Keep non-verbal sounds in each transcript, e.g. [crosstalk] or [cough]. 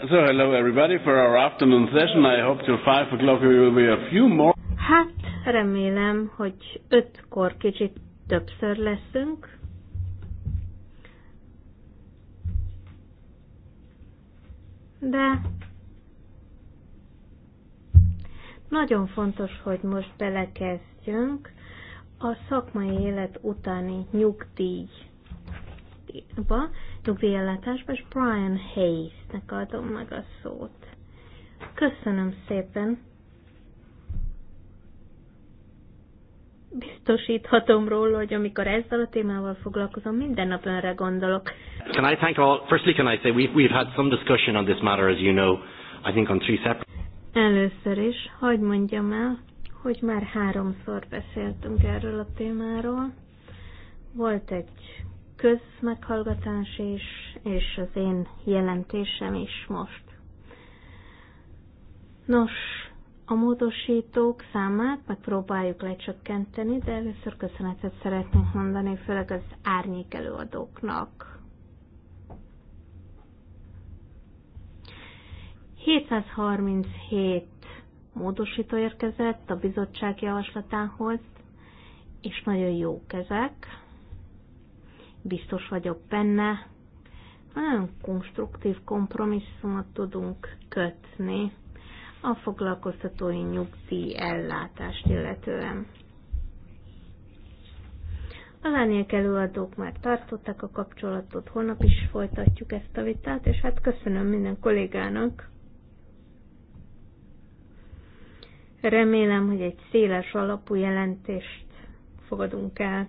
So hello everybody for our afternoon session. I hope till 5 o'clock we will be a few more. Hát remélem, hogy ötkor kicsit többször leszünk. De nagyon fontos, hogy most belekezdjünk a szakmai élet utáni nyugdíjba, ellátásba, és Brian Hayes-nek adom meg a szót. Köszönöm szépen! Biztosíthatom róla, hogy amikor ezzel a témával foglalkozom, minden nap önre gondolok. Can I thank all, firstly can I say we've, we've had some discussion on this matter, as you know, I think on three separate... Először is, hogy mondjam el, hogy már háromszor beszéltünk erről a témáról. Volt egy közmeghallgatás is, és az én jelentésem is most. Nos, a módosítók számát megpróbáljuk lecsökkenteni, de először köszönetet szeretnék mondani, főleg az árnyék előadóknak. 737 módosító érkezett a bizottság javaslatához, és nagyon jó kezek biztos vagyok benne, nagyon konstruktív kompromisszumot tudunk kötni a foglalkoztatói nyugdíj ellátást illetően. A árnyék előadók már tartották a kapcsolatot, holnap is folytatjuk ezt a vitát, és hát köszönöm minden kollégának. Remélem, hogy egy széles alapú jelentést fogadunk el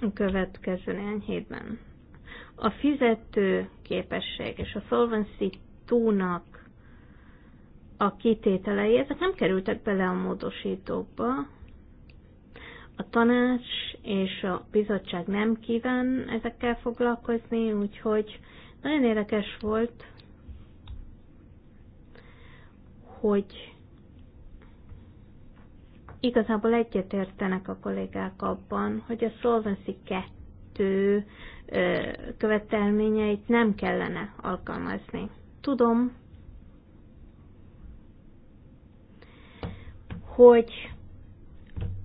a következő néhány hétben. A fizető képesség és a Solvency 2-nak a kitételei, ezek nem kerültek bele a módosítókba. A tanács és a bizottság nem kíván ezekkel foglalkozni, úgyhogy nagyon érdekes volt, hogy Igazából egyetértenek a kollégák abban, hogy a Solvency 2 követelményeit nem kellene alkalmazni. Tudom, hogy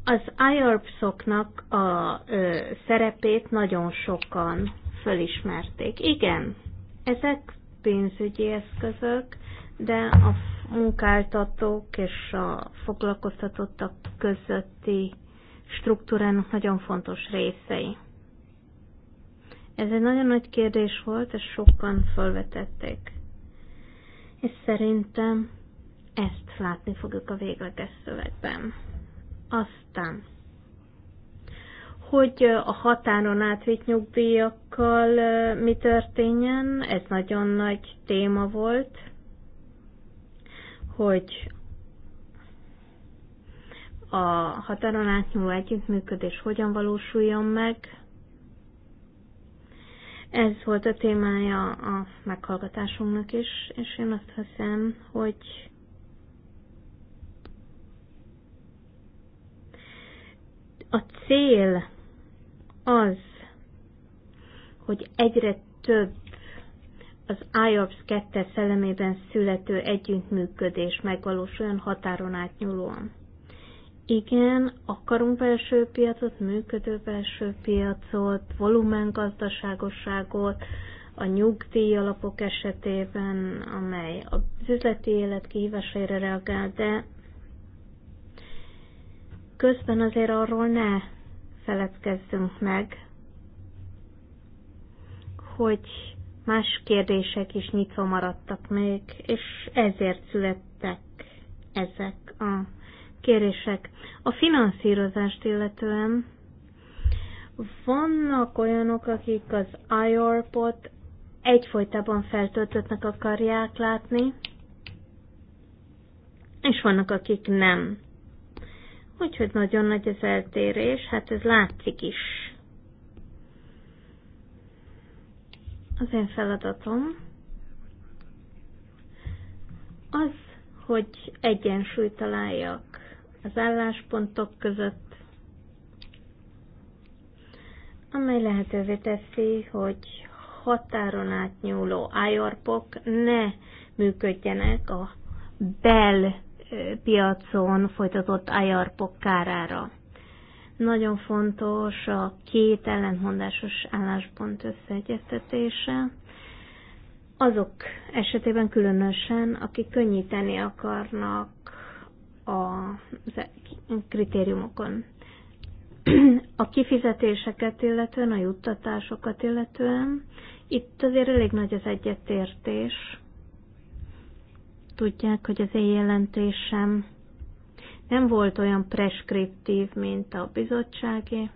az IORPS-oknak a ö, szerepét nagyon sokan fölismerték. Igen, ezek pénzügyi eszközök, de a munkáltatók és a foglalkoztatottak közötti struktúrának nagyon fontos részei. Ez egy nagyon nagy kérdés volt, és sokan felvetették. És szerintem ezt látni fogjuk a végleges szövegben. Aztán, hogy a határon átvitt nyugdíjakkal mi történjen, ez nagyon nagy téma volt, hogy a határon átnyúló együttműködés hogyan valósuljon meg. Ez volt a témája a meghallgatásunknak is, és én azt hiszem, hogy a cél az, hogy egyre több az IOPS 2 szellemében születő együttműködés megvalósuljon határon átnyúlóan. Igen, akarunk belső piacot, működő belső piacot, volumengazdaságosságot, a nyugdíj alapok esetében, amely az üzleti élet kihívásaira reagál, de közben azért arról ne feledkezzünk meg, hogy Más kérdések is nyitva maradtak még, és ezért születtek ezek a kérések. A finanszírozást illetően vannak olyanok, akik az IORP-ot egyfolytában feltöltöttnek akarják látni, és vannak, akik nem. Úgyhogy nagyon nagy az eltérés, hát ez látszik is Az én feladatom az, hogy egyensúlyt találjak az álláspontok között, amely lehetővé teszi, hogy határon átnyúló ájorpok ne működjenek a bel piacon folytatott ájarpok kárára. Nagyon fontos a két ellentmondásos álláspont összeegyeztetése. Azok esetében különösen, akik könnyíteni akarnak a kritériumokon. A kifizetéseket illetően, a juttatásokat illetően, itt azért elég nagy az egyetértés. Tudják, hogy az én jelentésem nem volt olyan preskriptív, mint a bizottságé.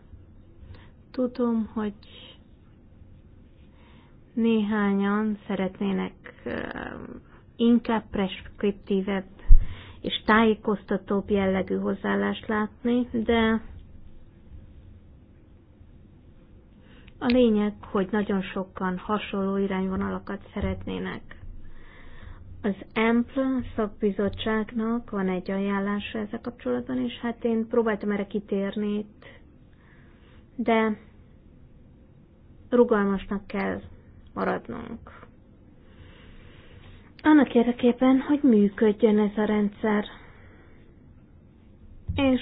Tudom, hogy néhányan szeretnének eh, inkább preskriptívebb és tájékoztatóbb jellegű hozzáállást látni, de a lényeg, hogy nagyon sokan hasonló irányvonalakat szeretnének. Az EMPL szakbizottságnak van egy ajánlása ezzel kapcsolatban, és hát én próbáltam erre kitérni itt, de rugalmasnak kell maradnunk. Annak érdekében, hogy működjön ez a rendszer. És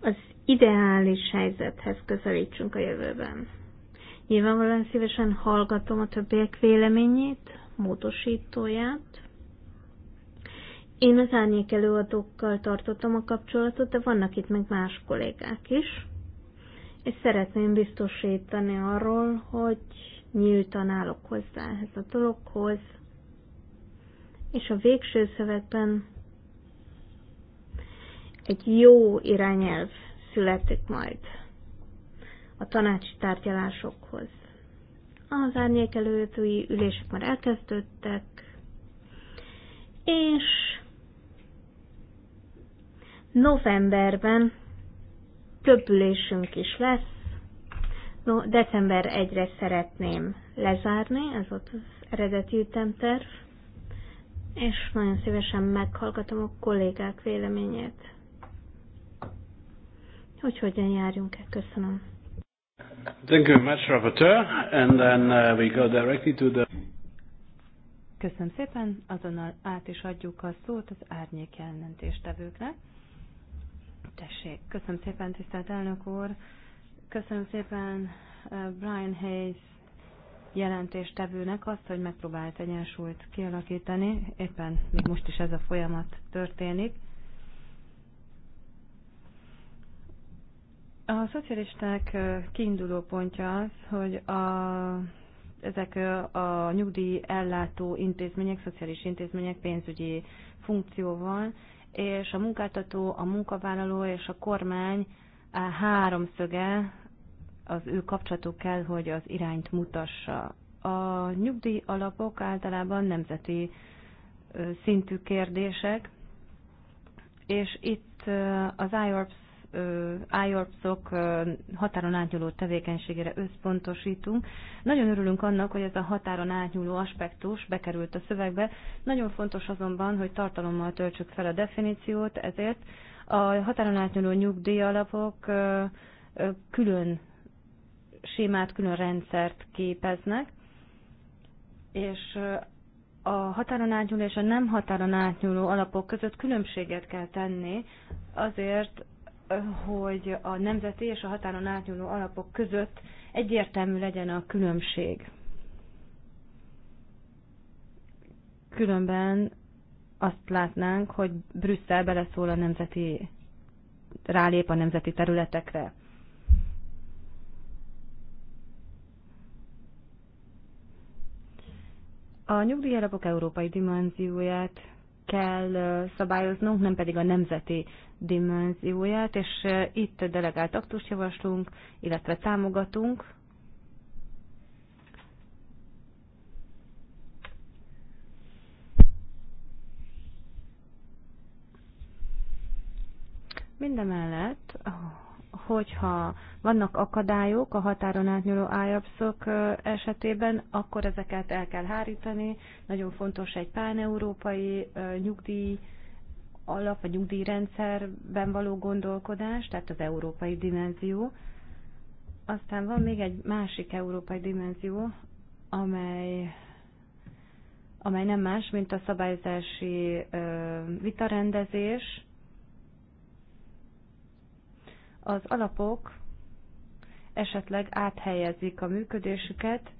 az ideális helyzethez közelítsünk a jövőben. Nyilvánvalóan szívesen hallgatom a többiek véleményét, módosítóját. Én az árnyék előadókkal tartottam a kapcsolatot, de vannak itt meg más kollégák is, és szeretném biztosítani arról, hogy nyíltan állok hozzá ehhez a dologhoz, és a végső szövetben egy jó irányelv születik majd a tanácsi tárgyalásokhoz. Az árnyékelőtői ülések már elkezdődtek, és novemberben több ülésünk is lesz. No, december 1-re szeretném lezárni, ez volt az eredeti ütemterv, és nagyon szívesen meghallgatom a kollégák véleményét hogy hogyan járjunk e Köszönöm. Thank you very much, Rapporteur, and then uh, we go directly to the... Köszönöm szépen, azonnal át is adjuk a szót az árnyék jelentéstevőknek. Tessék, köszönöm szépen, tisztelt elnök úr, köszönöm szépen uh, Brian Hayes jelentéstevőnek azt, hogy megpróbált egyensúlyt kialakítani, éppen még most is ez a folyamat történik. A szocialisták kiinduló pontja az, hogy a, ezek a nyugdíj ellátó intézmények, szociális intézmények pénzügyi funkcióval, és a munkáltató, a munkavállaló és a kormány háromszöge, az ő kapcsolatuk kell, hogy az irányt mutassa. A nyugdíj alapok általában nemzeti szintű kérdések, és itt az IORPS IORPS-ok határon átnyúló tevékenységére összpontosítunk. Nagyon örülünk annak, hogy ez a határon átnyúló aspektus bekerült a szövegbe. Nagyon fontos azonban, hogy tartalommal töltsük fel a definíciót, ezért a határon átnyúló nyugdíjalapok külön sémát, külön rendszert képeznek, és a határon átnyúló és a nem határon átnyúló alapok között különbséget kell tenni azért, hogy a nemzeti és a határon átnyúló alapok között egyértelmű legyen a különbség. Különben azt látnánk, hogy Brüsszel beleszól a nemzeti, rálép a nemzeti területekre. A nyugdíjalapok európai dimenzióját kell szabályoznunk, nem pedig a nemzeti dimenzióját, és itt delegált aktust javaslunk, illetve támogatunk. Mindemellett, oh, hogyha vannak akadályok a határon átnyúló ájapszok esetében, akkor ezeket el kell hárítani. Nagyon fontos egy páneurópai nyugdíj alap, vagy nyugdíjrendszerben való gondolkodás, tehát az európai dimenzió. Aztán van még egy másik európai dimenzió, amely amely nem más, mint a szabályozási ö, vitarendezés, az alapok esetleg áthelyezik a működésüket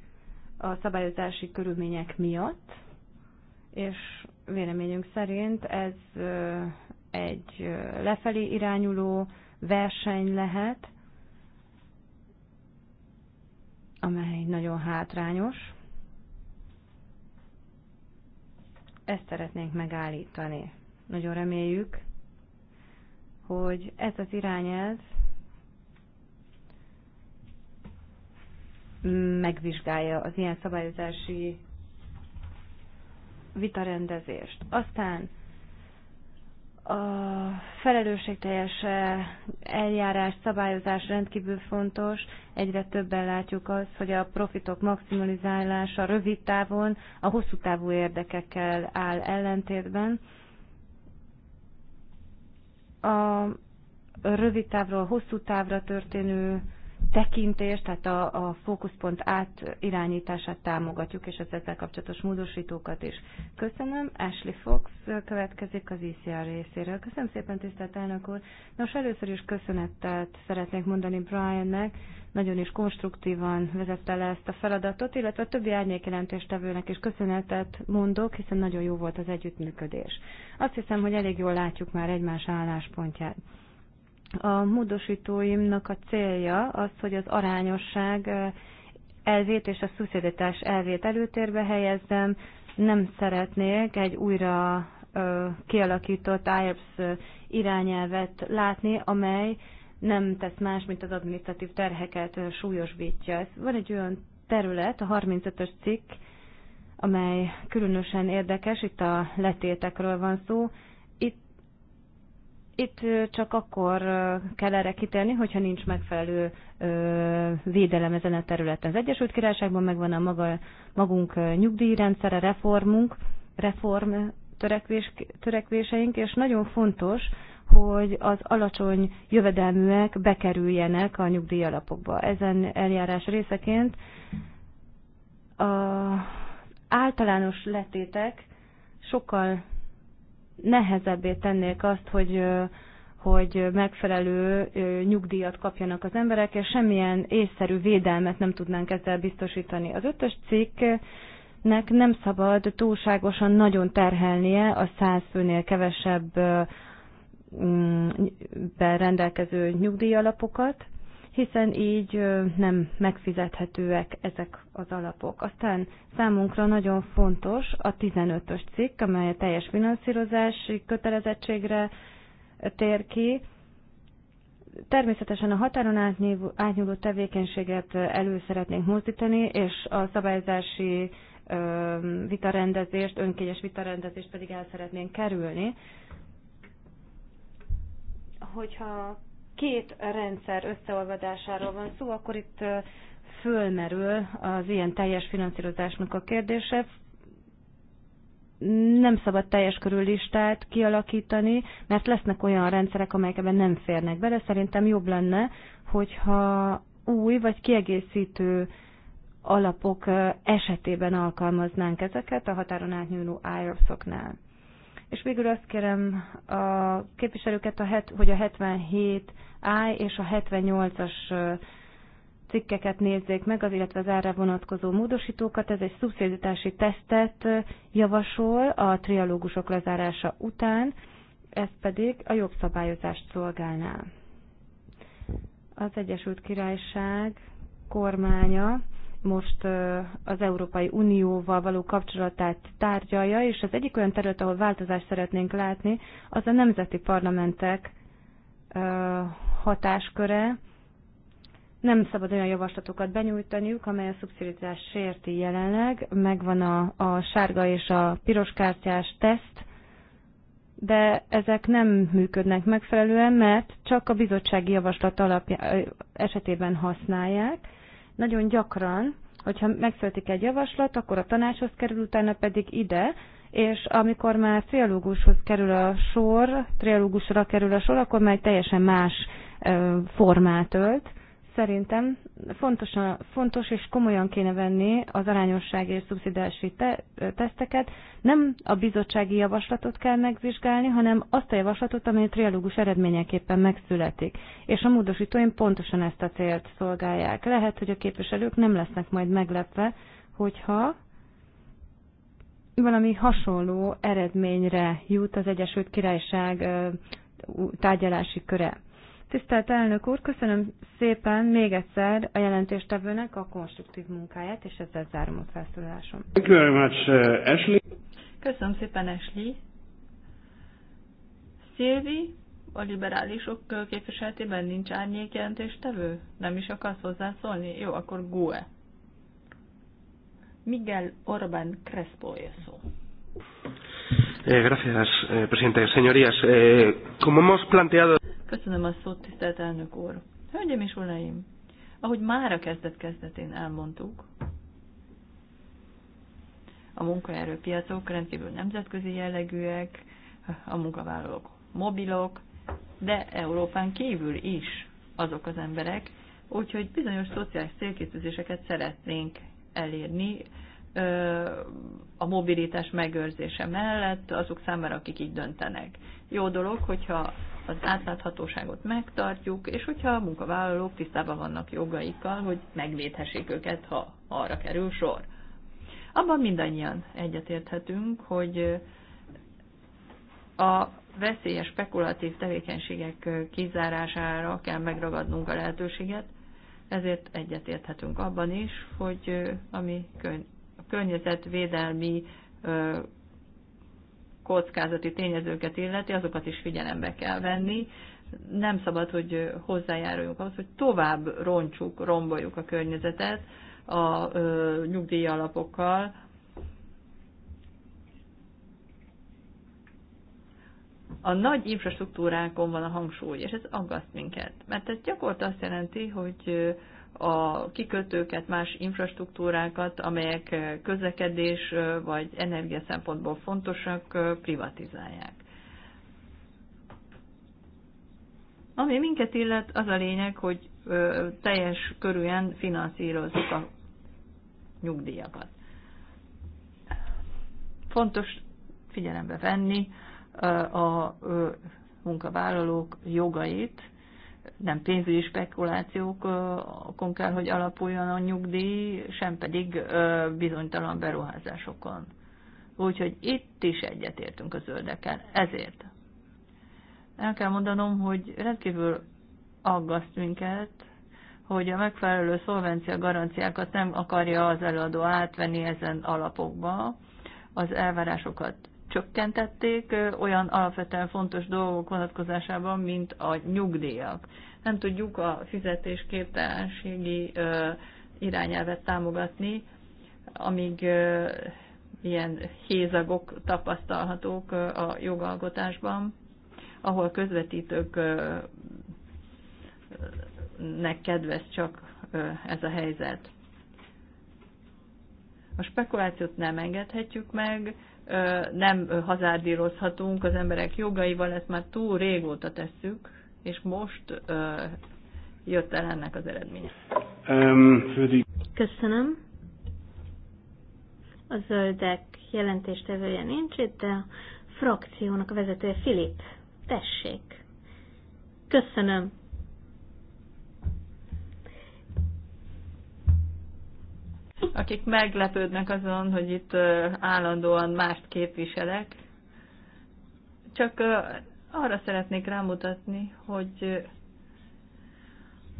a szabályozási körülmények miatt, és véleményünk szerint ez egy lefelé irányuló verseny lehet, amely nagyon hátrányos. Ezt szeretnénk megállítani. Nagyon reméljük, hogy ez az irányelv megvizsgálja az ilyen szabályozási vitarendezést. Aztán a felelősségteljes eljárás, szabályozás rendkívül fontos. Egyre többen látjuk azt, hogy a profitok maximalizálása rövid távon a hosszú távú érdekekkel áll ellentétben a rövid távról hosszú távra történő tekintést, tehát a, a fókuszpont átirányítását támogatjuk, és az ezzel kapcsolatos módosítókat is. Köszönöm. Ashley Fox következik az ICR e részéről. Köszönöm szépen, tisztelt elnök úr. Nos, először is köszönetet szeretnék mondani Briannek. Nagyon is konstruktívan vezette le ezt a feladatot, illetve a többi árnyékjelentéstevőnek is köszönetet mondok, hiszen nagyon jó volt az együttműködés. Azt hiszem, hogy elég jól látjuk már egymás álláspontját. A módosítóimnak a célja az, hogy az arányosság elvét és a szubszidítás elvét előtérbe helyezzem. Nem szeretnék egy újra kialakított IRPS e irányelvet látni, amely nem tesz más, mint az administratív terheket súlyosbítja. Ez van egy olyan terület, a 35-ös cikk, amely különösen érdekes, itt a letétekről van szó. Itt csak akkor kell erre kitérni, hogyha nincs megfelelő védelem ezen a területen. Az Egyesült Királyságban megvan a maga, magunk nyugdíjrendszere, reformunk, reform törekvés, törekvéseink, és nagyon fontos, hogy az alacsony jövedelműek bekerüljenek a nyugdíjalapokba. Ezen eljárás részeként a általános letétek sokkal nehezebbé tennék azt, hogy hogy megfelelő nyugdíjat kapjanak az emberek, és semmilyen észszerű védelmet nem tudnánk ezzel biztosítani. Az ötös cikknek nem szabad túlságosan nagyon terhelnie a száz főnél kevesebb rendelkező nyugdíjalapokat, hiszen így nem megfizethetőek ezek az alapok. Aztán számunkra nagyon fontos a 15-ös cikk, amely a teljes finanszírozási kötelezettségre tér ki. Természetesen a határon átnyúló, tevékenységet elő szeretnénk mozdítani, és a szabályzási vitarendezést, önkényes vitarendezést pedig el szeretnénk kerülni. Hogyha két rendszer összeolvadásáról van szó, akkor itt fölmerül az ilyen teljes finanszírozásnak a kérdése. Nem szabad teljes körül listát kialakítani, mert lesznek olyan rendszerek, amelyek ebben nem férnek bele. Szerintem jobb lenne, hogyha új vagy kiegészítő alapok esetében alkalmaznánk ezeket a határon átnyúló IRF-oknál. És végül azt kérem a képviselőket, a het, hogy a 77 I és a 78-as cikkeket nézzék meg, az illetve az erre vonatkozó módosítókat. Ez egy szubsziditási tesztet javasol a trialógusok lezárása után, ez pedig a jobb szabályozást szolgálná. Az Egyesült Királyság kormánya most az Európai Unióval való kapcsolatát tárgyalja, és az egyik olyan terület, ahol változást szeretnénk látni, az a nemzeti parlamentek hatásköre. Nem szabad olyan javaslatokat benyújtaniuk, amely a szubszidizás sérti jelenleg. Megvan a, a sárga és a piros kártyás teszt, de ezek nem működnek megfelelően, mert csak a bizottsági javaslat alapja, esetében használják nagyon gyakran, hogyha megszületik egy javaslat, akkor a tanácshoz kerül, utána pedig ide, és amikor már triológushoz kerül a sor, triológusra kerül a sor, akkor már egy teljesen más formát ölt. Szerintem fontos, fontos és komolyan kéne venni az arányosság és szubszidási te, teszteket. Nem a bizottsági javaslatot kell megvizsgálni, hanem azt a javaslatot, amely a trialógus eredményeképpen megszületik. És a módosítóim pontosan ezt a célt szolgálják. Lehet, hogy a képviselők nem lesznek majd meglepve, hogyha valami hasonló eredményre jut az Egyesült Királyság tárgyalási köre. Tisztelt elnök úr, köszönöm szépen még egyszer a jelentéstevőnek a konstruktív munkáját, és ezzel zárom a felszólalásom. Thank you very much, uh, Ashley. Köszönöm szépen, Ashley. Szilvi, a liberálisok képviseletében nincs árnyék jelentéstevő? Nem is akarsz hozzászólni? Jó, akkor GUE. Miguel Orbán Crespo szó. Eh, gracias, eh, presidente. Señorías, eh, como hemos planteado. Köszönöm a szót, tisztelt elnök úr. Hölgyeim és uraim, ahogy már a kezdet-kezdetén elmondtuk, a munkaerőpiacok rendkívül nemzetközi jellegűek, a munkavállalók mobilok, de Európán kívül is azok az emberek, úgyhogy bizonyos szociális célkitűzéseket szeretnénk elérni a mobilitás megőrzése mellett azok számára, akik így döntenek. Jó dolog, hogyha az átláthatóságot megtartjuk, és hogyha a munkavállalók tisztában vannak jogaikkal, hogy megvédhessék őket, ha arra kerül sor. Abban mindannyian egyetérthetünk, hogy a veszélyes spekulatív tevékenységek kizárására kell megragadnunk a lehetőséget, ezért egyetérthetünk abban is, hogy ami környezetvédelmi kockázati tényezőket illeti, azokat is figyelembe kell venni. Nem szabad, hogy hozzájáruljunk ahhoz, hogy tovább roncsuk, romboljuk a környezetet a nyugdíj alapokkal. A nagy infrastruktúrákon van a hangsúly, és ez aggaszt minket, mert ez gyakorta azt jelenti, hogy a kikötőket, más infrastruktúrákat, amelyek közlekedés vagy energia szempontból fontosak, privatizálják. Ami minket illet, az a lényeg, hogy teljes körűen finanszírozzuk a nyugdíjakat. Fontos figyelembe venni a munkavállalók jogait, nem pénzügyi spekulációkon kell, hogy alapuljon a nyugdíj, sem pedig bizonytalan beruházásokon. Úgyhogy itt is egyetértünk a zöldekkel. Ezért el kell mondanom, hogy rendkívül aggaszt minket, hogy a megfelelő szolvencia garanciákat nem akarja az előadó átvenni ezen alapokba, az elvárásokat csökkentették olyan alapvetően fontos dolgok vonatkozásában, mint a nyugdíjak. Nem tudjuk a fizetésképtelenségi irányelvet támogatni, amíg ilyen hézagok tapasztalhatók a jogalkotásban, ahol közvetítőknek kedvez csak ez a helyzet. A spekulációt nem engedhetjük meg, nem hazárdírozhatunk az emberek jogaival, ezt már túl régóta tesszük, és most jött el ennek az eredménye. Köszönöm. A zöldek jelentéstevője nincs itt, de a frakciónak a vezetője Filip. Tessék. Köszönöm. akik meglepődnek azon, hogy itt állandóan mást képviselek. Csak arra szeretnék rámutatni, hogy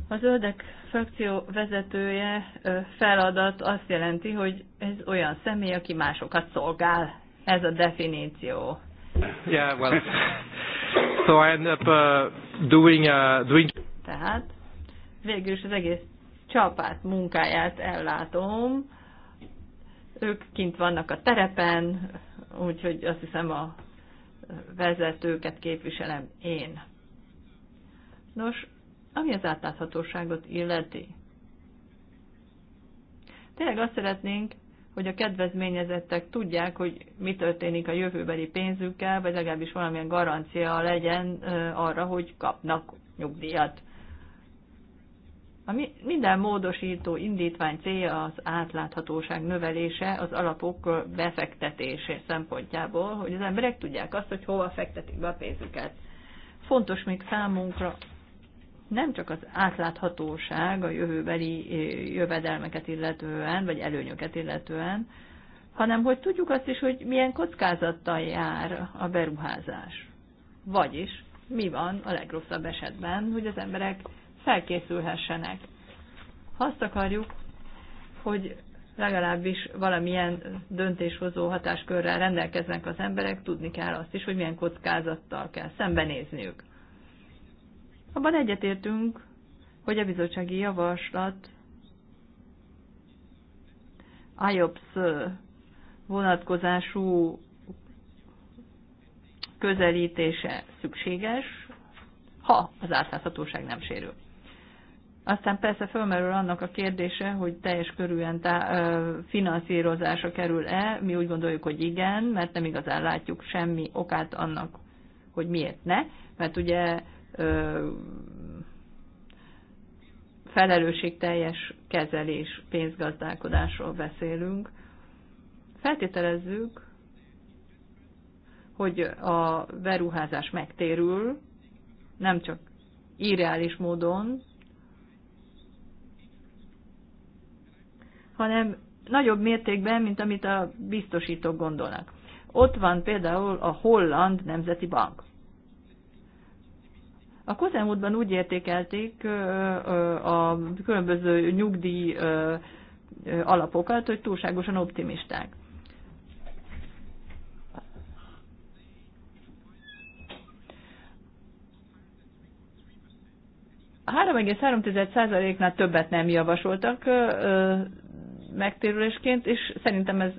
a zöldek frakció vezetője feladat azt jelenti, hogy ez olyan személy, aki másokat szolgál. Ez a definíció. Yeah, well, so I end up uh, doing, uh, doing... Tehát végül is az egész csapát munkáját ellátom. Ők kint vannak a terepen, úgyhogy azt hiszem a vezetőket képviselem én. Nos, ami az átláthatóságot illeti. Tényleg azt szeretnénk, hogy a kedvezményezettek tudják, hogy mi történik a jövőbeli pénzükkel, vagy legalábbis valamilyen garancia legyen arra, hogy kapnak nyugdíjat. A minden módosító indítvány célja az átláthatóság növelése az alapok befektetése szempontjából, hogy az emberek tudják azt, hogy hova fektetik be a pénzüket. Fontos még számunkra nem csak az átláthatóság a jövőbeli jövedelmeket illetően, vagy előnyöket illetően, hanem hogy tudjuk azt is, hogy milyen kockázattal jár a beruházás. Vagyis mi van a legrosszabb esetben, hogy az emberek felkészülhessenek. Ha azt akarjuk, hogy legalábbis valamilyen döntéshozó hatáskörrel rendelkeznek az emberek, tudni kell azt is, hogy milyen kockázattal kell szembenézniük. Abban egyetértünk, hogy a bizottsági javaslat IOPS vonatkozású közelítése szükséges, ha az átláthatóság nem sérül. Aztán persze fölmerül annak a kérdése, hogy teljes körűen tá- kerül-e. Mi úgy gondoljuk, hogy igen, mert nem igazán látjuk semmi okát annak, hogy miért ne. Mert ugye felelősségteljes kezelés, pénzgazdálkodásról beszélünk. Feltételezzük, hogy a beruházás megtérül, nem csak irreális módon, hanem nagyobb mértékben, mint amit a biztosítók gondolnak. Ott van például a Holland Nemzeti Bank. A közelmúltban úgy értékelték a különböző nyugdíj alapokat, hogy túlságosan optimisták. A 3,3%-nál többet nem javasoltak, megtérülésként, és szerintem ez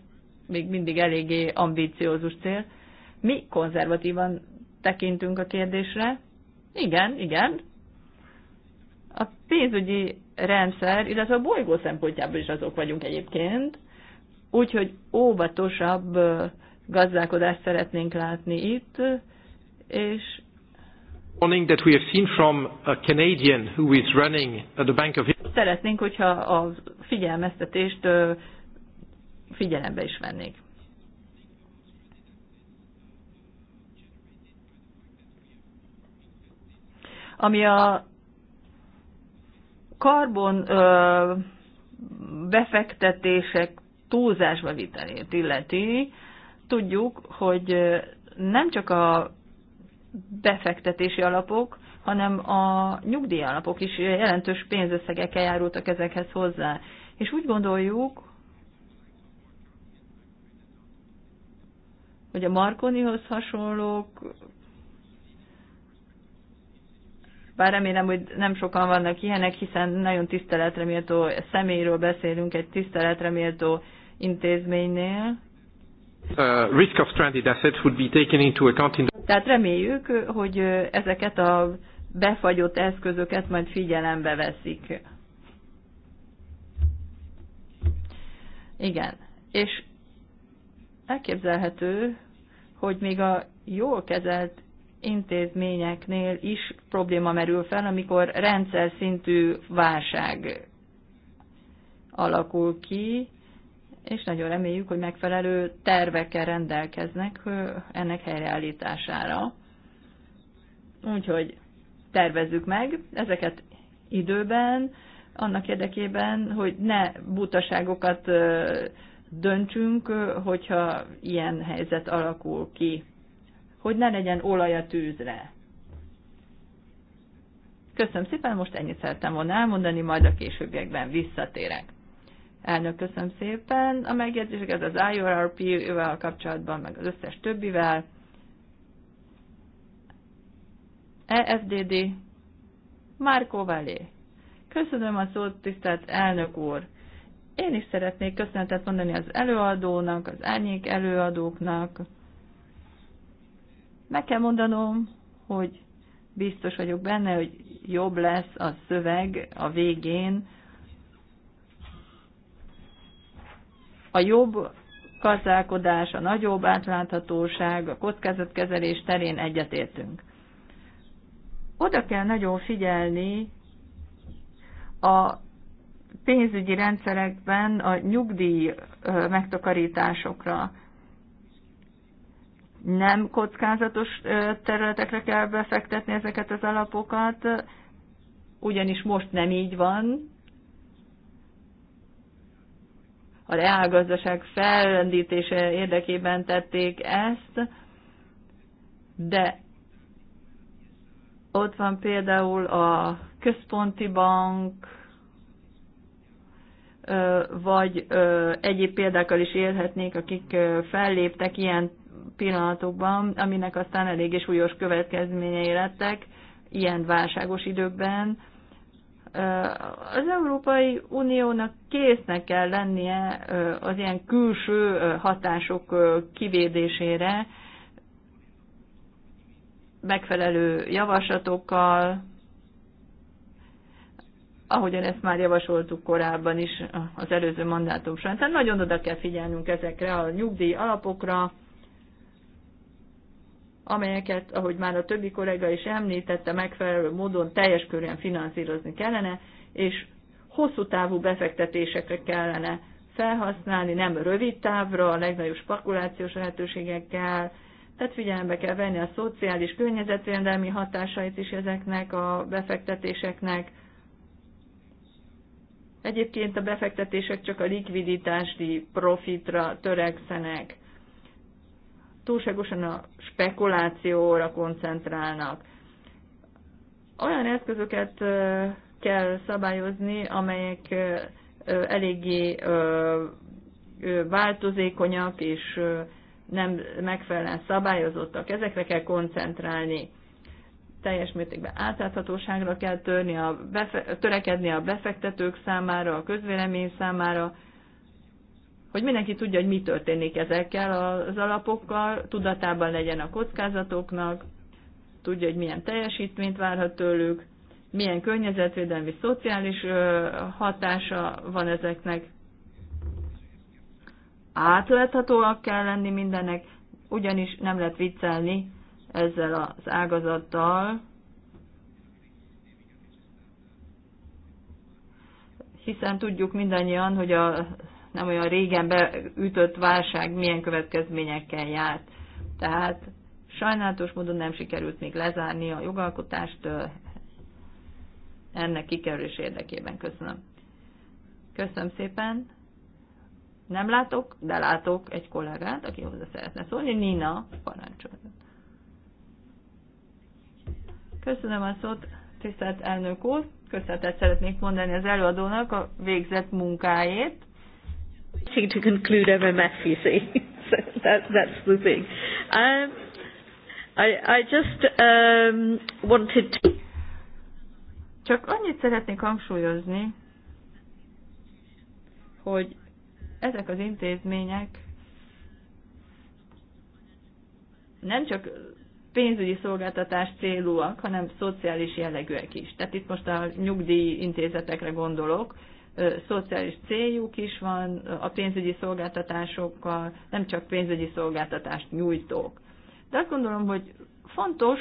még mindig eléggé ambíciózus cél. Mi konzervatívan tekintünk a kérdésre. Igen, igen. A pénzügyi rendszer, illetve a bolygó szempontjából is azok vagyunk egyébként, úgyhogy óvatosabb gazdálkodást szeretnénk látni itt, és warning that we have seen from a Canadian who is running the Bank of Szeretnénk, hogyha a figyelmeztetést figyelembe is vennék. Ami a karbon ö, befektetések túlzásba vitelét illeti, tudjuk, hogy nem csak a befektetési alapok, hanem a nyugdíj alapok is jelentős pénzösszegekkel járultak ezekhez hozzá. És úgy gondoljuk, hogy a Markonihoz hasonlók, bár remélem, hogy nem sokan vannak ilyenek, hiszen nagyon tiszteletre méltó személyről beszélünk, egy tiszteletre méltó intézménynél, Uh, risk of stranded assets would be taken into account in... Tehát reméljük, hogy ezeket a befagyott eszközöket majd figyelembe veszik. Igen. És elképzelhető, hogy még a jól kezelt intézményeknél is probléma merül fel, amikor rendszer szintű válság alakul ki, és nagyon reméljük, hogy megfelelő tervekkel rendelkeznek ennek helyreállítására. Úgyhogy tervezzük meg ezeket időben, annak érdekében, hogy ne butaságokat döntsünk, hogyha ilyen helyzet alakul ki. Hogy ne legyen olaj a tűzre. Köszönöm szépen, most ennyit szerettem volna elmondani, majd a későbbiekben visszatérek. Elnök, köszönöm szépen. A megjegyzéseket az IORP-vel kapcsolatban, meg az összes többivel. EFDD, Márkó Valé. Köszönöm a szót, tisztelt elnök úr. Én is szeretnék köszönetet mondani az előadónak, az árnyék előadóknak. Meg kell mondanom, hogy biztos vagyok benne, hogy jobb lesz a szöveg a végén, a jobb gazdálkodás, a nagyobb átláthatóság, a kockázatkezelés terén egyetértünk. Oda kell nagyon figyelni a pénzügyi rendszerekben a nyugdíj megtakarításokra. Nem kockázatos területekre kell befektetni ezeket az alapokat, ugyanis most nem így van, a reálgazdaság felrendítése érdekében tették ezt, de ott van például a központi bank, vagy egyéb példákkal is élhetnék, akik felléptek ilyen pillanatokban, aminek aztán eléggé súlyos következményei lettek ilyen válságos időkben. Az Európai Uniónak késznek kell lennie az ilyen külső hatások kivédésére, megfelelő javaslatokkal, ahogyan ezt már javasoltuk korábban is az előző mandátum során. Tehát nagyon oda kell figyelnünk ezekre a nyugdíj alapokra, amelyeket, ahogy már a többi kollega is említette, megfelelő módon teljes körűen finanszírozni kellene, és hosszú távú befektetésekre kellene felhasználni, nem rövid távra, a legnagyobb spekulációs lehetőségekkel, tehát figyelembe kell venni a szociális környezetvédelmi hatásait is ezeknek a befektetéseknek. Egyébként a befektetések csak a likviditási profitra törekszenek túlságosan a spekulációra koncentrálnak. Olyan eszközöket kell szabályozni, amelyek eléggé változékonyak és nem megfelelően szabályozottak. Ezekre kell koncentrálni. Teljes mértékben átláthatóságra kell törni a befe- törekedni a befektetők számára, a közvélemény számára, hogy mindenki tudja, hogy mi történik ezekkel az alapokkal, tudatában legyen a kockázatoknak, tudja, hogy milyen teljesítményt várhat tőlük, milyen környezetvédelmi, szociális hatása van ezeknek. Átláthatóak kell lenni mindennek, ugyanis nem lehet viccelni ezzel az ágazattal, hiszen tudjuk mindannyian, hogy a nem olyan régen beütött válság milyen következményekkel járt. Tehát sajnálatos módon nem sikerült még lezárni a jogalkotást ennek kikerülés érdekében. Köszönöm. Köszönöm szépen. Nem látok, de látok egy kollégát, aki hozzá szeretne szólni. Nina, parancsoljon. Köszönöm a szót, tisztelt elnök úr. Köszönetet szeretnék mondani az előadónak a végzett munkáért. To conclude MMF, you see. [laughs] so that, that's the thing. Um, I, I just um, wanted to... Csak annyit szeretnék hangsúlyozni, hogy ezek az intézmények nem csak pénzügyi szolgáltatás célúak, hanem szociális jellegűek is. Tehát itt most a nyugdíj intézetekre gondolok, szociális céljuk is van a pénzügyi szolgáltatásokkal, nem csak pénzügyi szolgáltatást nyújtók. De azt gondolom, hogy fontos,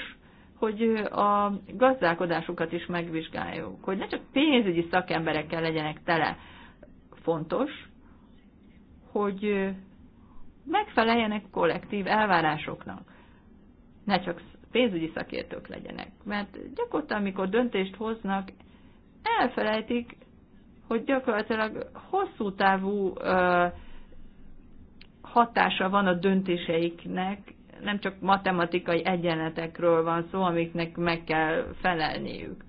hogy a gazdálkodásukat is megvizsgáljuk, hogy ne csak pénzügyi szakemberekkel legyenek tele. Fontos, hogy megfeleljenek kollektív elvárásoknak. Ne csak pénzügyi szakértők legyenek. Mert gyakorlatilag, amikor döntést hoznak, elfelejtik hogy gyakorlatilag hosszú távú hatása van a döntéseiknek, nem csak matematikai egyenletekről van szó, amiknek meg kell felelniük.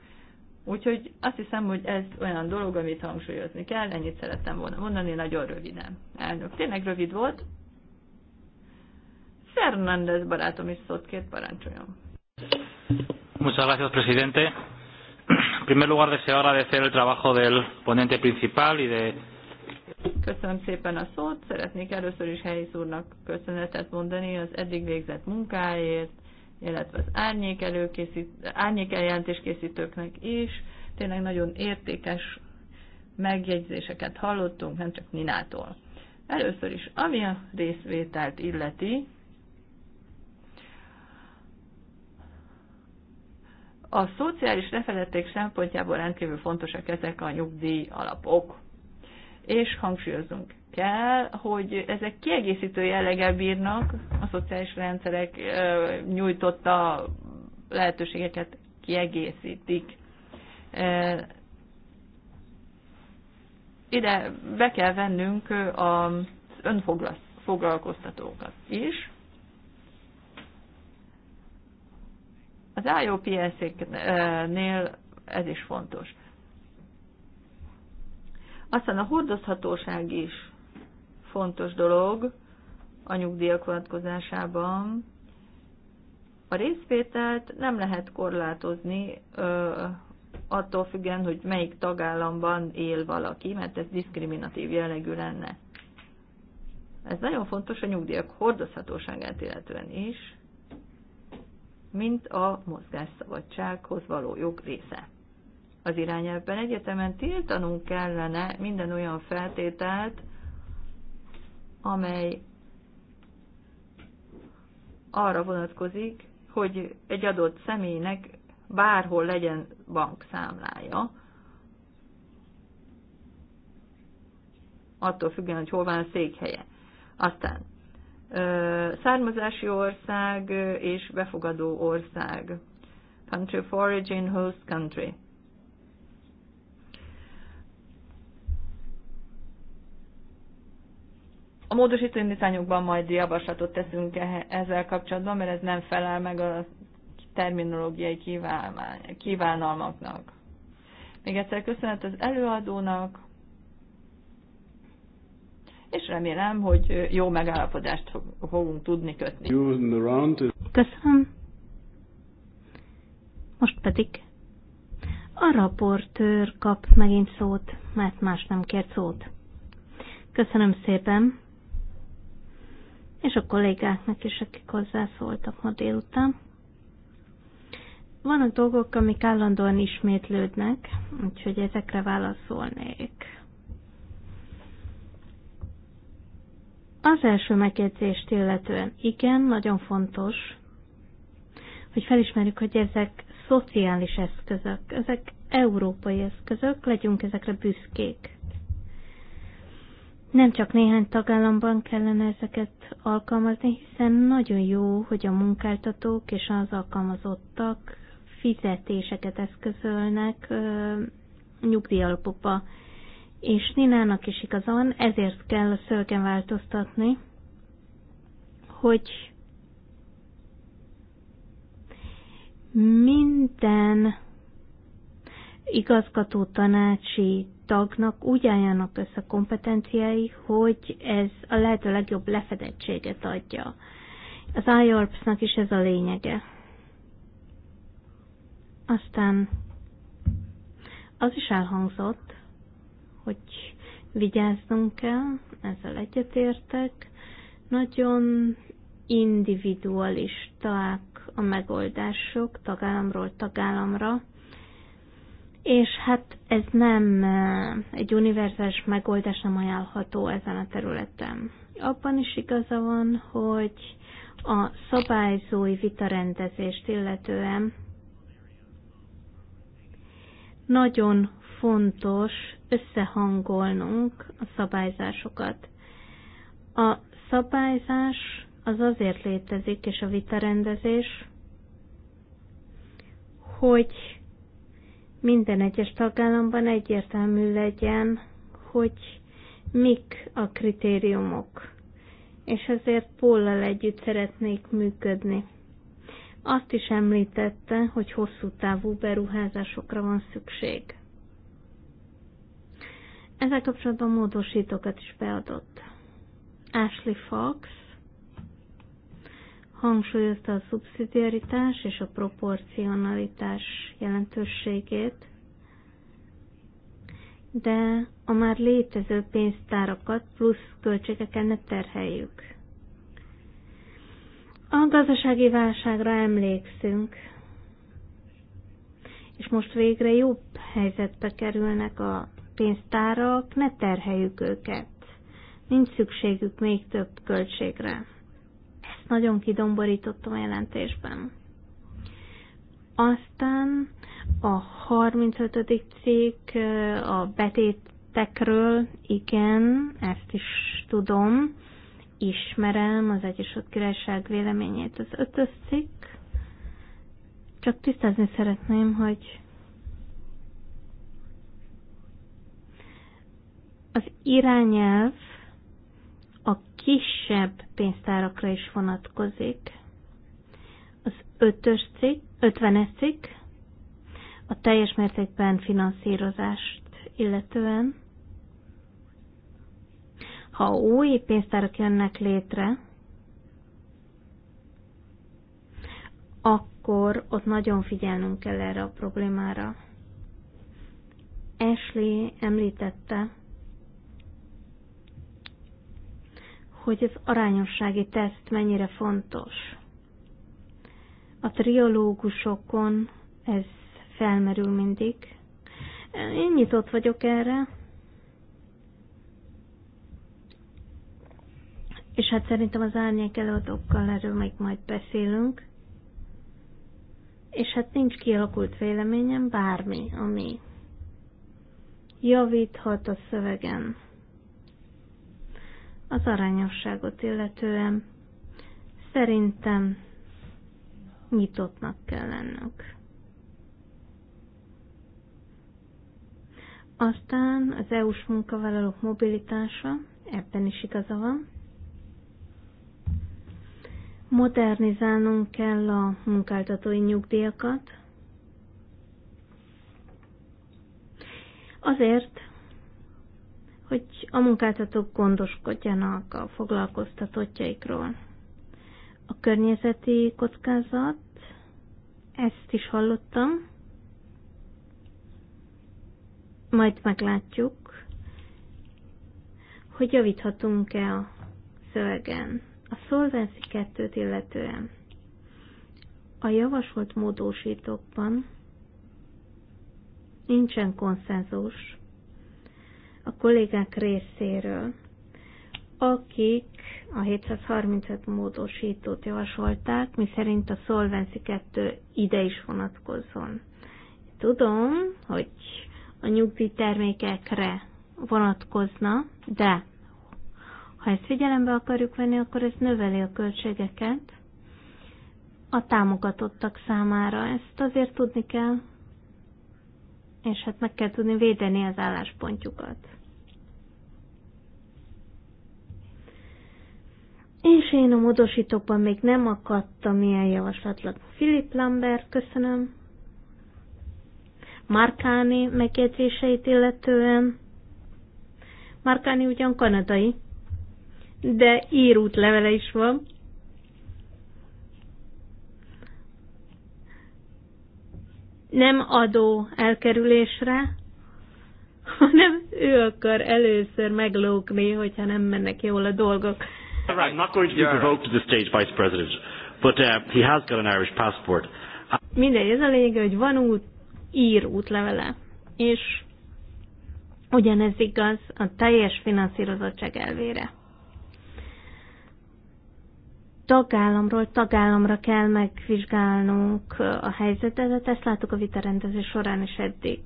Úgyhogy azt hiszem, hogy ez olyan dolog, amit hangsúlyozni kell, ennyit szerettem volna mondani, nagyon röviden. Elnök, tényleg rövid volt. Fernández barátom is szót két parancsoljon. Muchas gracias, presidente primer lugar, deseo agradecer el trabajo del ponente principal y de. Köszönöm szépen a szót, szeretnék először is Helyis úrnak köszönetet mondani az eddig végzett munkáért, illetve az árnyék, előkészít, árnyék készítőknek is. Tényleg nagyon értékes megjegyzéseket hallottunk, nem csak Ninától. Először is, ami a részvételt illeti, A szociális lefedették szempontjából rendkívül fontosak ezek a nyugdíj alapok. És hangsúlyozunk kell, hogy ezek kiegészítő jelleggel bírnak, a szociális rendszerek nyújtotta lehetőségeket kiegészítik. Ide be kell vennünk az önfoglalkoztatókat is, Az IOPS-nél ez is fontos. Aztán a hordozhatóság is fontos dolog a nyugdíjak vonatkozásában. A részvételt nem lehet korlátozni ö, attól függően, hogy melyik tagállamban él valaki, mert ez diszkriminatív jellegű lenne. Ez nagyon fontos a nyugdíjak hordozhatóságát illetően is mint a mozgásszabadsághoz való jog része. Az irányelvben egyetemen tiltanunk kellene minden olyan feltételt, amely arra vonatkozik, hogy egy adott személynek bárhol legyen bankszámlája, attól függően, hogy hol van a székhelye. Aztán származási ország és befogadó ország. Country of origin, host country. A módosító indítványokban majd javaslatot teszünk ezzel kapcsolatban, mert ez nem felel meg a terminológiai kívánalmaknak. Még egyszer köszönet az előadónak, és remélem, hogy jó megállapodást fogunk tudni kötni. Köszönöm. Most pedig a raportőr kap megint szót, mert más nem kért szót. Köszönöm szépen, és a kollégáknak is, akik hozzászóltak ma délután. Vannak dolgok, amik állandóan ismétlődnek, úgyhogy ezekre válaszolnék. Az első megjegyzést illetően igen, nagyon fontos, hogy felismerjük, hogy ezek szociális eszközök, ezek európai eszközök, legyünk ezekre büszkék. Nem csak néhány tagállamban kellene ezeket alkalmazni, hiszen nagyon jó, hogy a munkáltatók és az alkalmazottak fizetéseket eszközölnek nyugdíjalapokba. És Ninának is igazán ezért kell a szörgen változtatni, hogy minden igazgató tanácsi tagnak úgy álljanak össze kompetenciái, hogy ez a lehető legjobb lefedettséget adja. Az IORPS-nak is ez a lényege. Aztán az is elhangzott, hogy vigyáznunk kell, ezzel egyetértek. Nagyon individualisták a megoldások tagállamról tagállamra, és hát ez nem eh, egy univerzális megoldás nem ajánlható ezen a területen. Abban is igaza van, hogy a szabályzói vitarendezést illetően nagyon fontos összehangolnunk a szabályzásokat. A szabályzás az azért létezik, és a vitarendezés, hogy minden egyes tagállamban egyértelmű legyen, hogy mik a kritériumok, és ezért Póllal együtt szeretnék működni. Azt is említette, hogy hosszú távú beruházásokra van szükség. Ezzel kapcsolatban módosítókat is beadott. Ashley Fox hangsúlyozta a szubszidiaritás és a proporcionalitás jelentőségét, de a már létező pénztárakat plusz költségeken ne terheljük. A gazdasági válságra emlékszünk, és most végre jobb helyzetbe kerülnek a pénztárak, ne terheljük őket. Nincs szükségük még több költségre. Ezt nagyon kidomborítottam a jelentésben. Aztán a 35. cikk a betétekről, igen, ezt is tudom, ismerem az Egyesült Királyság véleményét. Az ötös cikk, csak tisztázni szeretném, hogy Az irányelv a kisebb pénztárakra is vonatkozik. Az ötös cikk, ötvenes cikk a teljes mértékben finanszírozást illetően. Ha új pénztárak jönnek létre, akkor ott nagyon figyelnünk kell erre a problémára. Ashley említette, hogy az arányossági teszt mennyire fontos. A triológusokon ez felmerül mindig. Én nyitott vagyok erre. És hát szerintem az árnyék előadókkal erről még majd beszélünk. És hát nincs kialakult véleményem bármi, ami javíthat a szövegen. Az arányosságot illetően szerintem nyitottnak kell lennünk. Aztán az EU-s munkavállalók mobilitása, ebben is igaza van. Modernizálnunk kell a munkáltatói nyugdíjakat, azért, hogy a munkáltatók gondoskodjanak a foglalkoztatottjaikról. A környezeti kockázat, ezt is hallottam, majd meglátjuk, hogy javíthatunk-e a szövegen. A Solvency kettőt illetően a javasolt módosítókban nincsen konszenzus a kollégák részéről, akik a 735 módosítót javasolták, mi szerint a Solvency 2 ide is vonatkozzon. Tudom, hogy a nyugdíjtermékekre vonatkozna, de ha ezt figyelembe akarjuk venni, akkor ez növeli a költségeket a támogatottak számára. Ezt azért tudni kell és hát meg kell tudni védeni az álláspontjukat. És én a módosítókban még nem akadtam ilyen javaslatlat. Philip Lambert, köszönöm. Markáni megjegyzéseit illetően. Markáni ugyan kanadai, de ír útlevele is van. nem adó elkerülésre, hanem ő akar először meglógni, hogyha nem mennek jól a dolgok. I'm not going to be provoked at this stage vice president, but uh, he has got an Irish passport. Mindegy, ez a lényeg, hogy van út, ír útlevele, és ugyanez igaz a teljes finanszírozottság elvére tagállamról tagállamra kell megvizsgálnunk a helyzetet, ezt láttuk a vitarendezés során is eddig.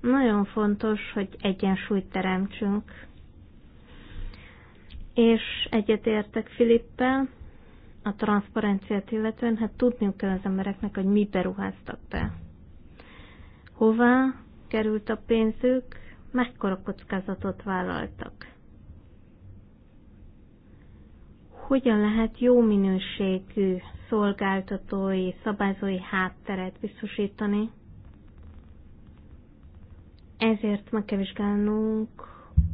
Nagyon fontos, hogy egyensúlyt teremtsünk. És egyetértek Filippel, a transzparenciát illetően, hát tudniuk kell az embereknek, hogy mi beruháztak be. Hová került a pénzük, mekkora kockázatot vállaltak. hogyan lehet jó minőségű szolgáltatói, szabázói hátteret biztosítani. Ezért meg kell vizsgálnunk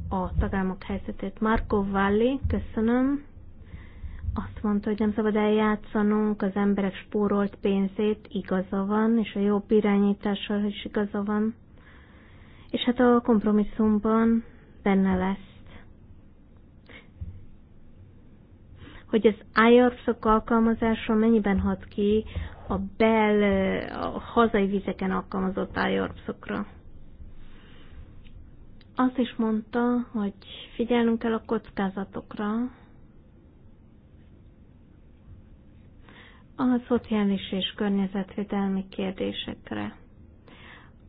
a tagállamok helyzetét. Marco Valli, köszönöm. Azt mondta, hogy nem szabad eljátszanunk az emberek spórolt pénzét, igaza van, és a jobb irányítással is igaza van. És hát a kompromisszumban benne lesz hogy az iops alkalmazása mennyiben hat ki a bel, a hazai vizeken alkalmazott iops Azt is mondta, hogy figyelnünk kell a kockázatokra, a szociális és környezetvédelmi kérdésekre.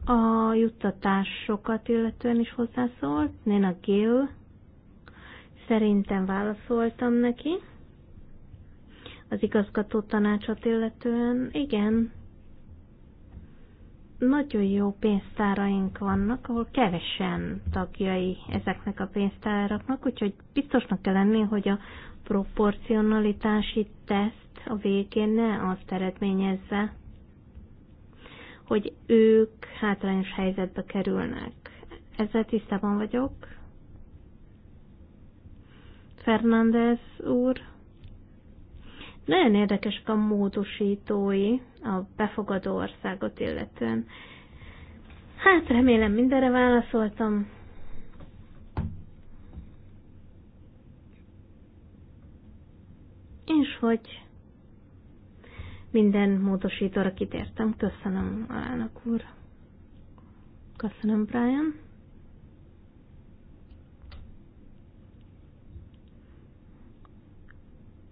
A juttatásokat illetően is hozzászólt, Nina Gill, szerintem válaszoltam neki az igazgató tanácsot illetően, igen, nagyon jó pénztáraink vannak, ahol kevesen tagjai ezeknek a pénztáraknak, úgyhogy biztosnak kell lenni, hogy a proporcionalitási teszt a végén ne azt eredményezze, hogy ők hátrányos helyzetbe kerülnek. Ezzel tisztában vagyok. Fernández úr. Nagyon érdekesek a módosítói a befogadó országot illetően. Hát remélem mindenre válaszoltam. És hogy minden módosítóra kitértem. Köszönöm, Alának úr. Köszönöm, Brian.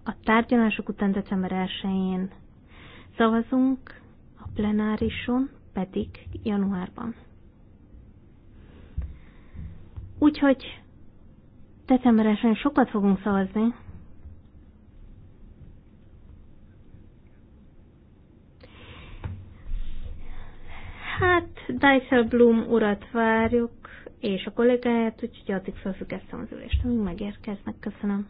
a tárgyalások után december 1-én szavazunk, a plenárison pedig januárban. Úgyhogy december 1 sokat fogunk szavazni. Hát, Dysel Bloom urat várjuk, és a kollégáját, úgyhogy addig felfüggesztem az ülést, amíg megérkeznek. Köszönöm.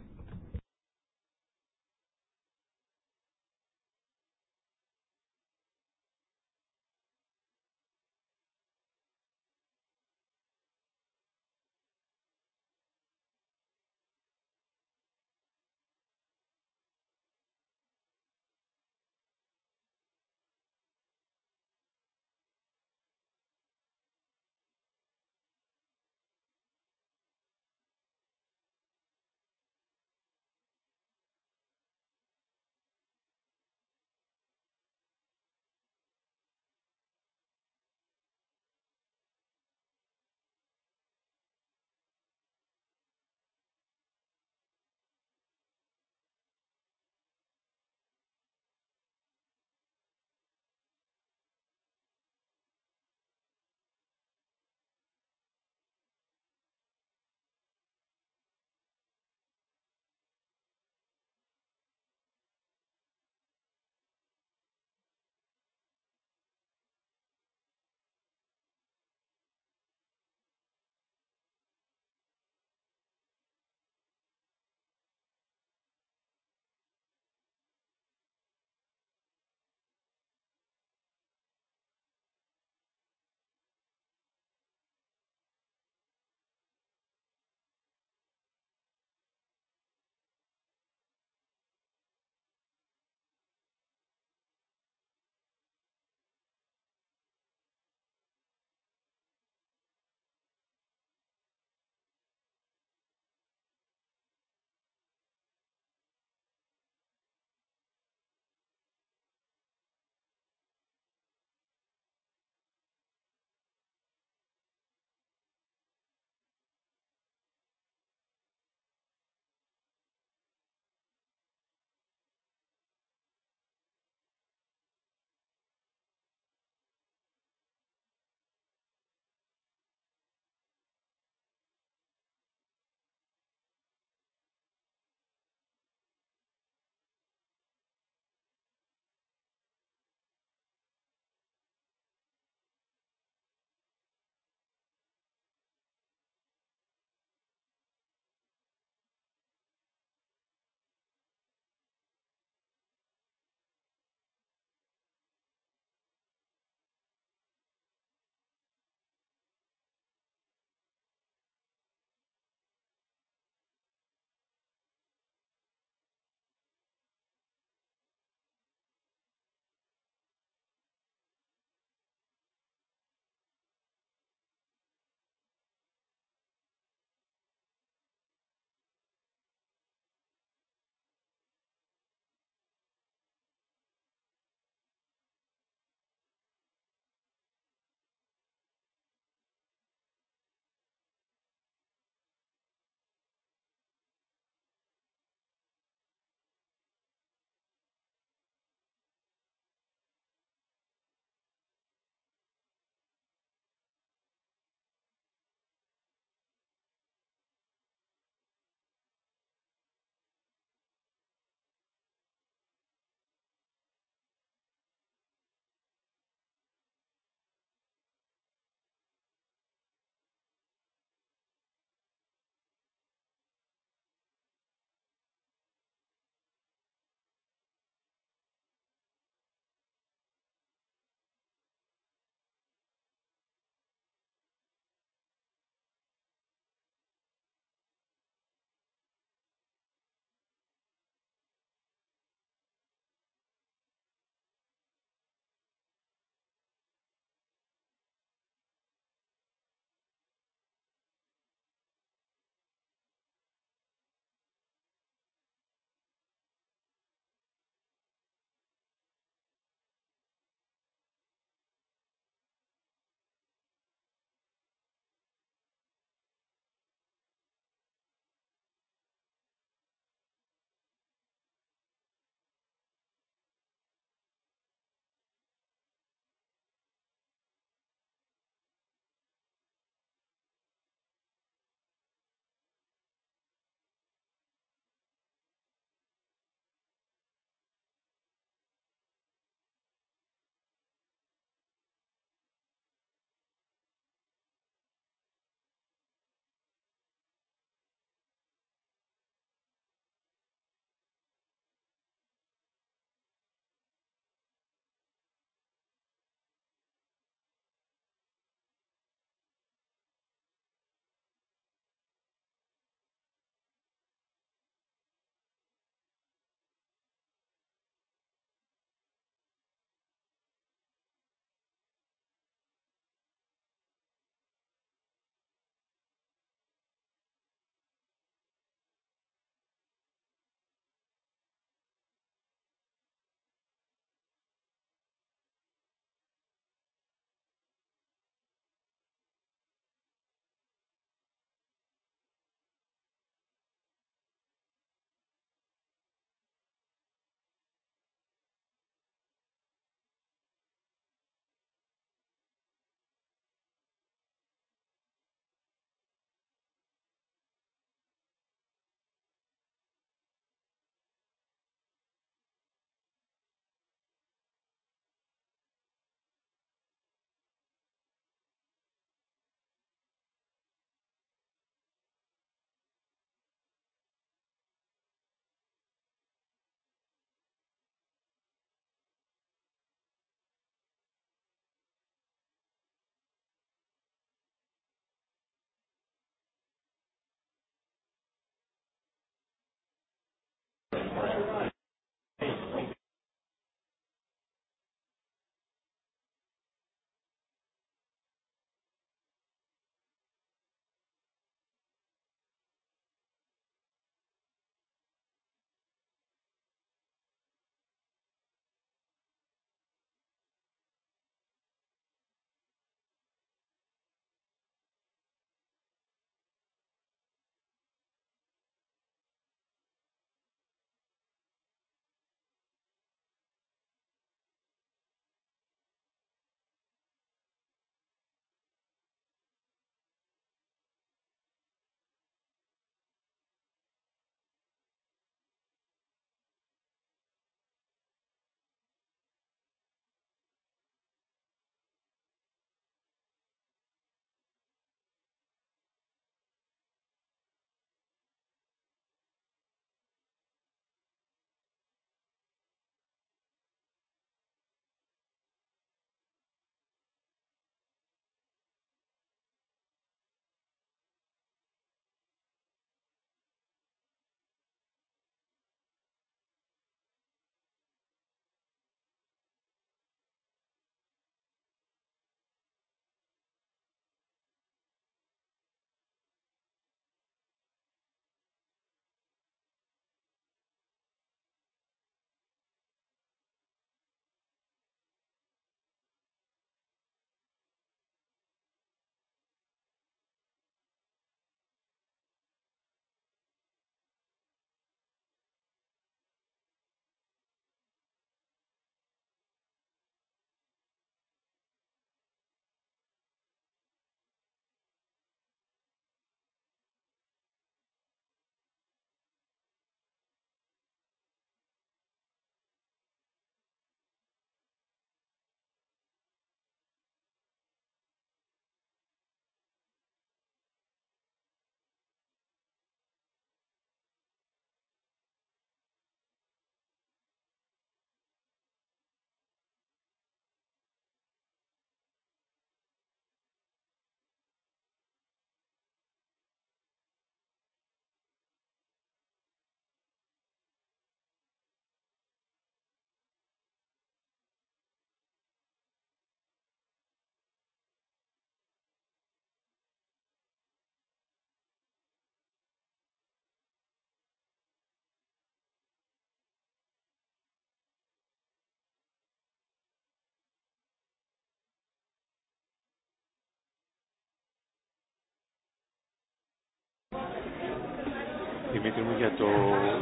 Δημήτρη μου για το,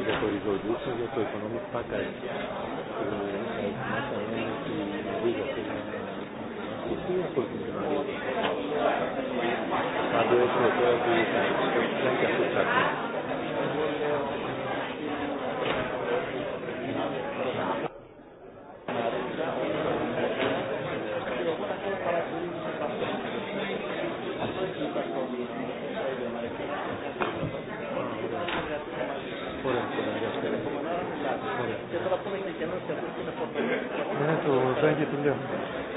για το Ριζοδούτσο, για το οικονομικό Package. Ε, μας τώρα που ήταν και αυτό ψάχνει. Thank you.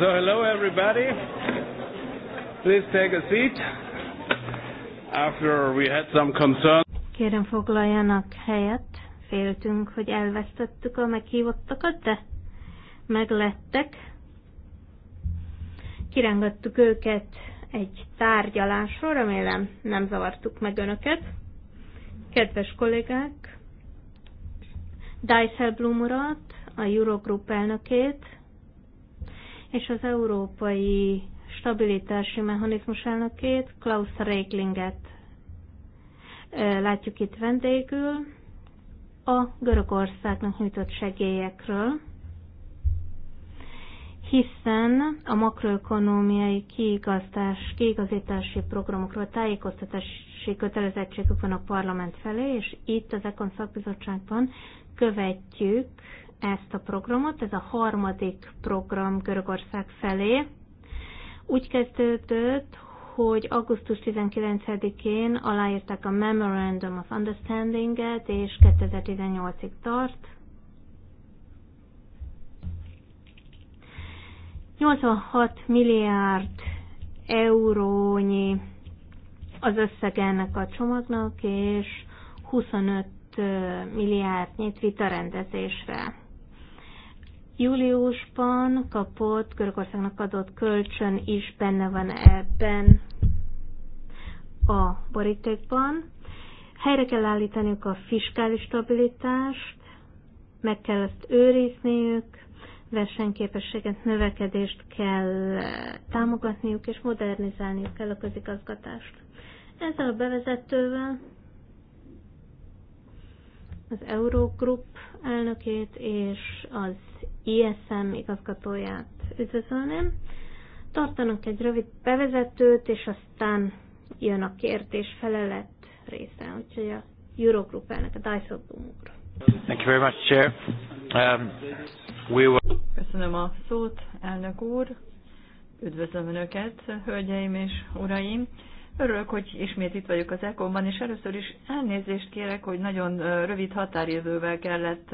so hello everybody. Please take a seat. After we had some concern. Kérem foglaljanak helyet. Féltünk, hogy elvesztettük a meghívottakat, de meglettek. Kirángattuk őket egy tárgyalásra, remélem nem zavartuk meg önöket. Kedves kollégák, Dijsselbloem urat, a Eurogroup elnökét, és az Európai Stabilitási Mechanizmus elnökét, Klaus Reiklinget látjuk itt vendégül, a Görögországnak nyújtott segélyekről, hiszen a makroökonómiai kiigazítás, kiigazítási programokról tájékoztatási kötelezettségük van a parlament felé, és itt az Ekon szakbizottságban követjük ezt a programot, ez a harmadik program Görögország felé. Úgy kezdődött, hogy augusztus 19-én aláírták a Memorandum of Understanding-et, és 2018-ig tart. 86 milliárd eurónyi az összeg ennek a csomagnak, és 25 milliárdnyit vitarendezésre. Júliusban kapott Görögországnak adott kölcsön is benne van ebben a borítékban. Helyre kell állítaniuk a fiskális stabilitást, meg kell ezt őrizniük, versenyképességet, növekedést kell támogatniuk és modernizálniuk kell a közigazgatást. Ezzel a bevezetővel az Eurogroup elnökét és az ISM igazgatóját üdvözölném. Tartanak egy rövid bevezetőt, és aztán jön a kérdés felelet része, úgyhogy a Eurogroup elnök, a Dijsselbloem úr. Thank you very much, Chair. Um, we will... Köszönöm a szót, elnök úr. Üdvözlöm Önöket, hölgyeim és uraim. Örülök, hogy ismét itt vagyok az eco ban és először is elnézést kérek, hogy nagyon rövid határidővel kellett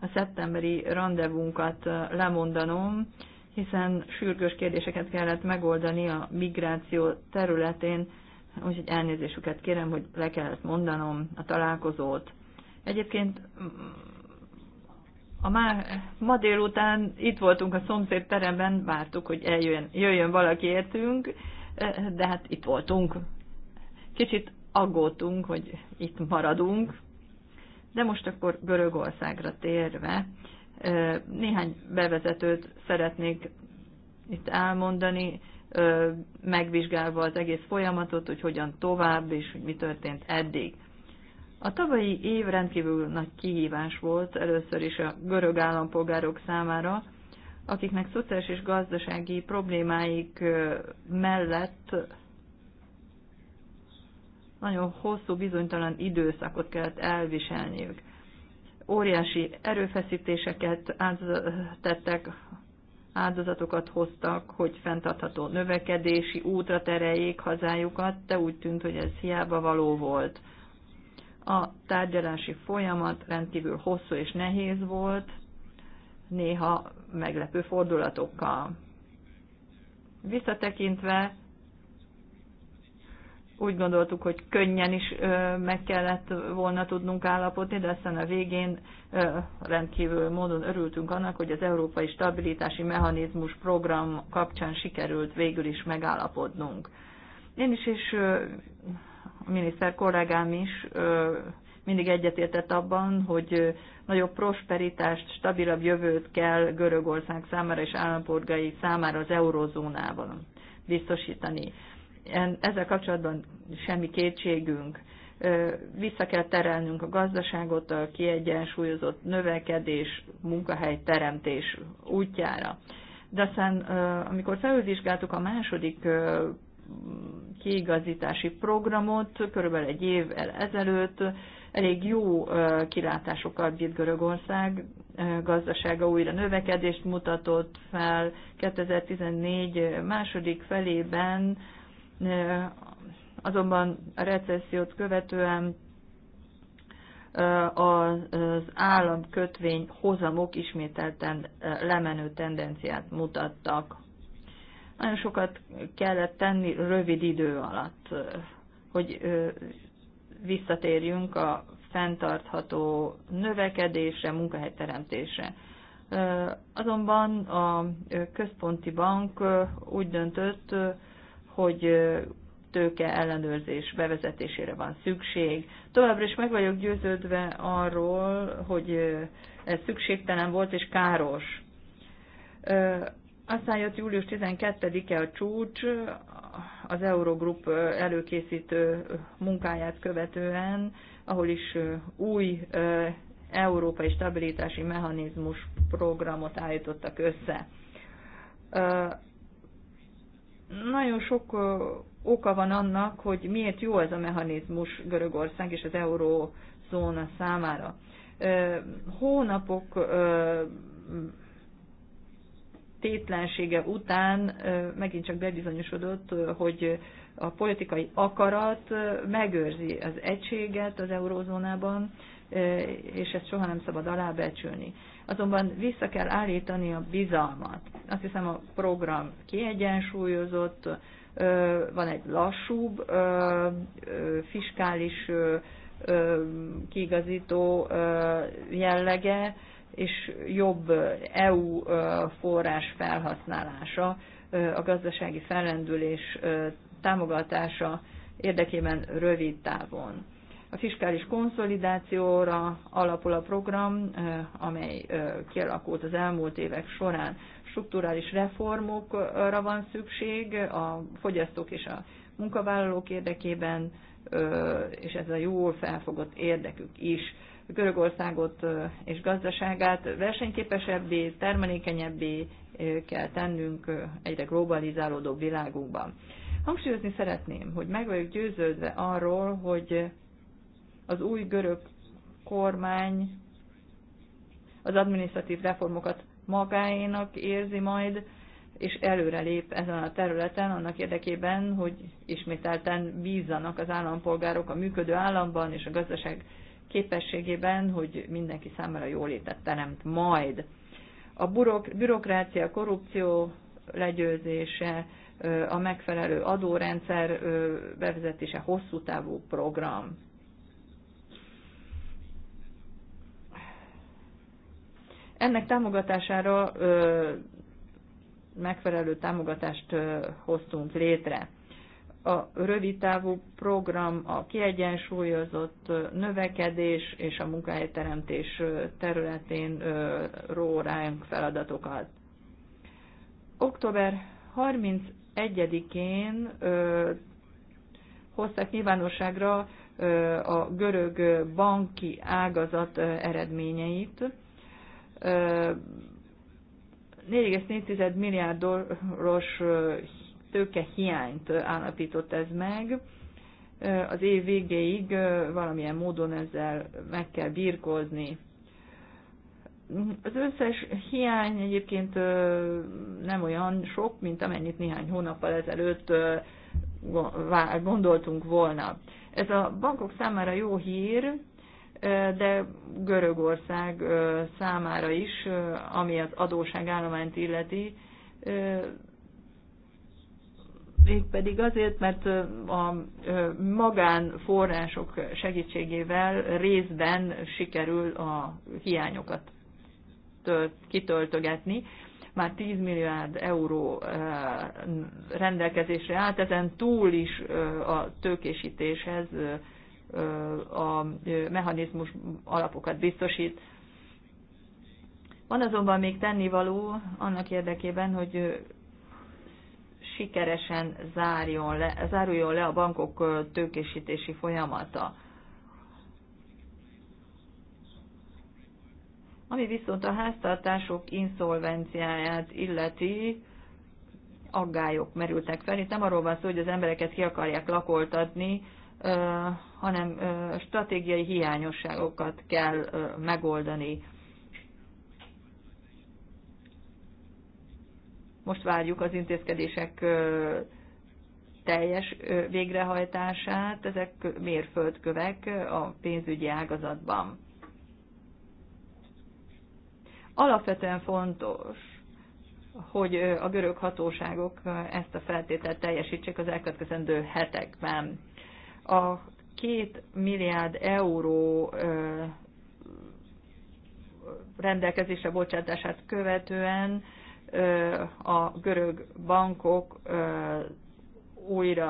a szeptemberi rendezvunkat lemondanom, hiszen sürgős kérdéseket kellett megoldani a migráció területén, úgyhogy elnézésüket kérem, hogy le kellett mondanom a találkozót. Egyébként mm, a má, ma délután itt voltunk a szomszéd teremben, vártuk, hogy eljön, jöjjön valaki értünk, de hát itt voltunk. Kicsit aggódtunk, hogy itt maradunk, de most akkor Görögországra térve néhány bevezetőt szeretnék itt elmondani, megvizsgálva az egész folyamatot, hogy hogyan tovább és hogy mi történt eddig. A tavalyi év rendkívül nagy kihívás volt először is a görög állampolgárok számára, akiknek szociális és gazdasági problémáik mellett nagyon hosszú, bizonytalan időszakot kellett elviselniük. Óriási erőfeszítéseket tettek, áldozatokat hoztak, hogy fenntartható növekedési útra tereljék hazájukat, de úgy tűnt, hogy ez hiába való volt. A tárgyalási folyamat rendkívül hosszú és nehéz volt, néha meglepő fordulatokkal. Visszatekintve úgy gondoltuk, hogy könnyen is meg kellett volna tudnunk állapodni, de aztán a végén rendkívül módon örültünk annak, hogy az Európai Stabilitási Mechanizmus program kapcsán sikerült végül is megállapodnunk. Én is és a miniszter kollégám is mindig egyetértett abban, hogy nagyobb prosperitást, stabilabb jövőt kell Görögország számára és állampolgai számára az eurozónában biztosítani. Ezzel kapcsolatban semmi kétségünk. Vissza kell terelnünk a gazdaságot a kiegyensúlyozott növekedés, munkahely teremtés útjára. De aztán, amikor felülvizsgáltuk a második kiigazítási programot körülbelül egy évvel ezelőtt, elég jó kilátásokat bírt Görögország, gazdasága újra növekedést mutatott fel 2014 második felében, azonban a recessziót követően az államkötvény hozamok ismételten lemenő tendenciát mutattak. Nagyon sokat kellett tenni rövid idő alatt, hogy visszatérjünk a fenntartható növekedésre, munkahelyteremtésre. Azonban a központi bank úgy döntött, hogy tőke ellenőrzés bevezetésére van szükség. Továbbra is meg vagyok győződve arról, hogy ez szükségtelen volt és káros. Aztán jött július 12-e a csúcs, az Eurogroup előkészítő munkáját követően, ahol is új európai stabilitási mechanizmus programot állítottak össze. Nagyon sok oka van annak, hogy miért jó ez a mechanizmus Görögország és az eurózóna számára. Hónapok tétlensége után megint csak bebizonyosodott, hogy a politikai akarat megőrzi az egységet az eurózónában, és ezt soha nem szabad alábecsülni. Azonban vissza kell állítani a bizalmat. Azt hiszem a program kiegyensúlyozott, van egy lassúbb fiskális kiigazító jellege, és jobb EU forrás felhasználása, a gazdasági fellendülés támogatása érdekében rövid távon. A fiskális konszolidációra alapul a program, amely kialakult az elmúlt évek során. Strukturális reformokra van szükség a fogyasztók és a munkavállalók érdekében, és ez a jól felfogott érdekük is Görögországot és gazdaságát versenyképesebbé, termelékenyebbé kell tennünk egyre globalizálódó világunkban. Hangsúlyozni szeretném, hogy meg vagyok győződve arról, hogy az új görög kormány az adminisztratív reformokat magáénak érzi majd, és előrelép ezen a területen annak érdekében, hogy ismételten bízzanak az állampolgárok a működő államban és a gazdaság képességében, hogy mindenki számára jólétet teremt majd. A burok, bürokrácia, korrupció legyőzése, a megfelelő adórendszer bevezetése hosszú távú program. Ennek támogatására megfelelő támogatást hoztunk létre a rövidtávú program, a kiegyensúlyozott növekedés és a munkahelyteremtés területén ró ránk feladatokat. Október 31-én hozták nyilvánosságra a görög banki ágazat eredményeit. 4,4 milliárdos tőke hiányt állapított ez meg. Az év végéig valamilyen módon ezzel meg kell birkózni. Az összes hiány egyébként nem olyan sok, mint amennyit néhány hónappal ezelőtt gondoltunk volna. Ez a bankok számára jó hír, de Görögország számára is, ami az adóságállományt illeti, mégpedig azért, mert a magánforrások segítségével részben sikerül a hiányokat tölt, kitöltögetni. Már 10 milliárd euró rendelkezésre állt, ezen túl is a tőkésítéshez a mechanizmus alapokat biztosít. Van azonban még tennivaló annak érdekében, hogy sikeresen zárjon le, záruljon le a bankok tőkésítési folyamata. Ami viszont a háztartások inszolvenciáját illeti, aggályok merültek fel. Itt nem arról van szó, hogy az embereket ki akarják lakoltatni, hanem stratégiai hiányosságokat kell megoldani Most várjuk az intézkedések teljes végrehajtását, ezek mérföldkövek a pénzügyi ágazatban. Alapvetően fontos, hogy a görög hatóságok ezt a feltételt teljesítsék az elkövetkezendő hetekben. A két milliárd euró rendelkezésre bocsátását követően a görög bankok újra